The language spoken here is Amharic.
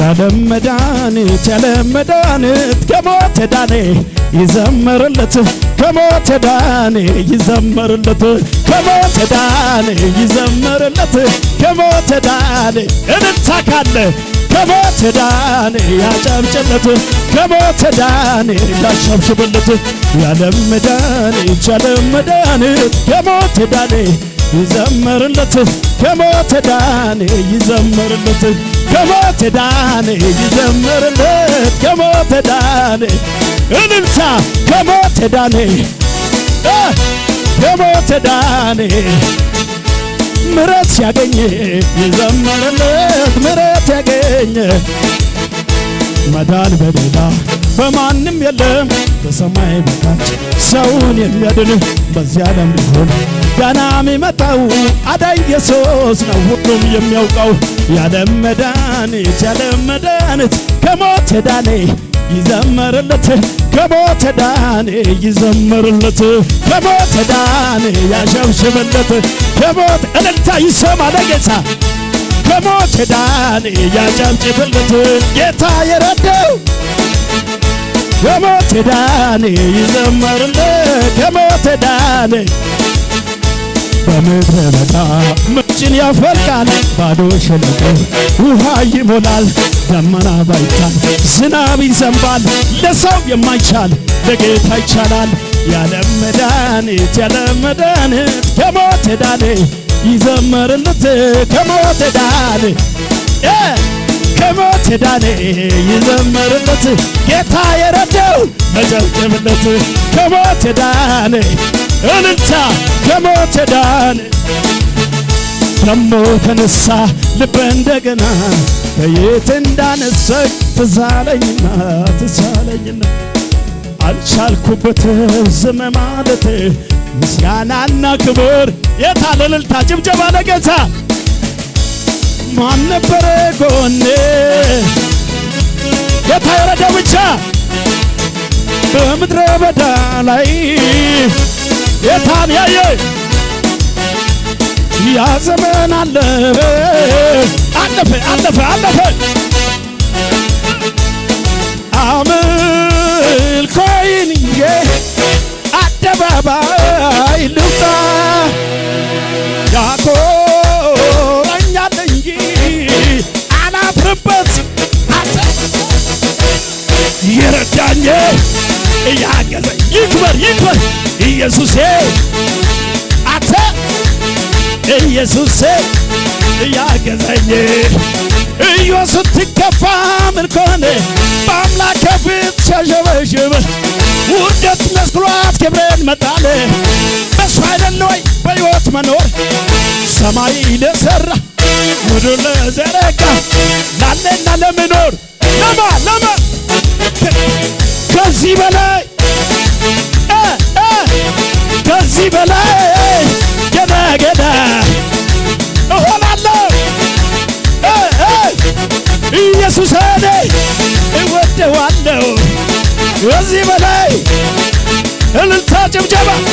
ያለም መድኃኒት ያለም መድኃኒት ከሞት ዳኔ ይዘመርለት ከሞት ዳኔ ይዘመርለት ከሞት ዳኔ ይዘመርለት ከሞት ዳኔ እንታ ካለ ከሞት ዳኔ ያጨብጭለት ከሞት ዳኔ ያሸብሽብለት ያለም መድኃኒት ያለም መድኃኒት ከሞት ዳኔ ይዘመርለት ከሞት ዳኔ ይዘመርለት ከሞት ዳን ይዘምርለት ከሞት ዳን እልልታ ከሞት ዳን ከሞት ዳን ምረት ያገኘ ይዘምርለት ምረት ያገኘ መዳን በሌላ በማንም የለም በሰማይ በታች ሰውን የሚያድን በዚህ ዓለም ቢሆን ገና የሚመጣው አዳኝ ኢየሱስ ነው። ሁሉም የሚያውቀው ያለም መድኃኒት ያለም መድኃኒት ከሞት ዳኔ ይዘመርለት ከሞት ዳኔ ይዘመርለት ከሞት ዳኔ ያሸብሽብለት ከሞት እልልታ ይሰማ ለጌታ ከሞት ዳኔ ያጨብጭብለት ጌታ የረዳው ከሞት ዳነ ይዘመርለ ከሞት ዳነ በምድረ በዳ ምንጭን ያፈልቃል ባዶ ሸለቆ ውሃ ይሞላል ደመና ባይታል ዝናብ ይዘንባል ለሰው የማይቻል ለጌታ ይቻላል ያለም መድኃኒት ያለም መድኃኒት ከሞት ዳነ ይዘመርለት ከሞት ዳነ ከሞት ዳነ ይዘመርለት ጌታ የረ መጀብጀብነት ከሞት ዳነ እልልታ ከሞት ዳነ ደሞ ተነሳ ልብ እንደገና ከየት እንዳነሰክ ትዛለኝና ትዛለኝና አልቻልኩበት ዝም ማለት ምስጋናና ክብር የታለ እልልታ ጭብጨባ ለጌታ ማን ነበረ ጎኔ በምድረ በዳ ላይ የታንያየ ያ ዘመን አለፈ አለፈ አለፈ አለፈ አምልኮዬን አደባባይ ልውጣ ያኮረኛል አላፍርበት የረዳኝ እያገዘኝ ይክበር ይክበር ኢየሱሴ አተ ኢየሱሴ እያገዘኝ እዮ ስትከፋ ምን ኮነ በአምላክ ፊት ሲያሸበሽብ ውርደት መስክሯት ክብርን መጣለ በሱ አይደለ ወይ በሕይወት መኖር ሰማይ ለሠራ ምድር ለዘረጋ ላለና ለምኖር ኢየሱስ ኔ እወደዋለሁ ከዚህ በላይ እልልታ ጭብጨባ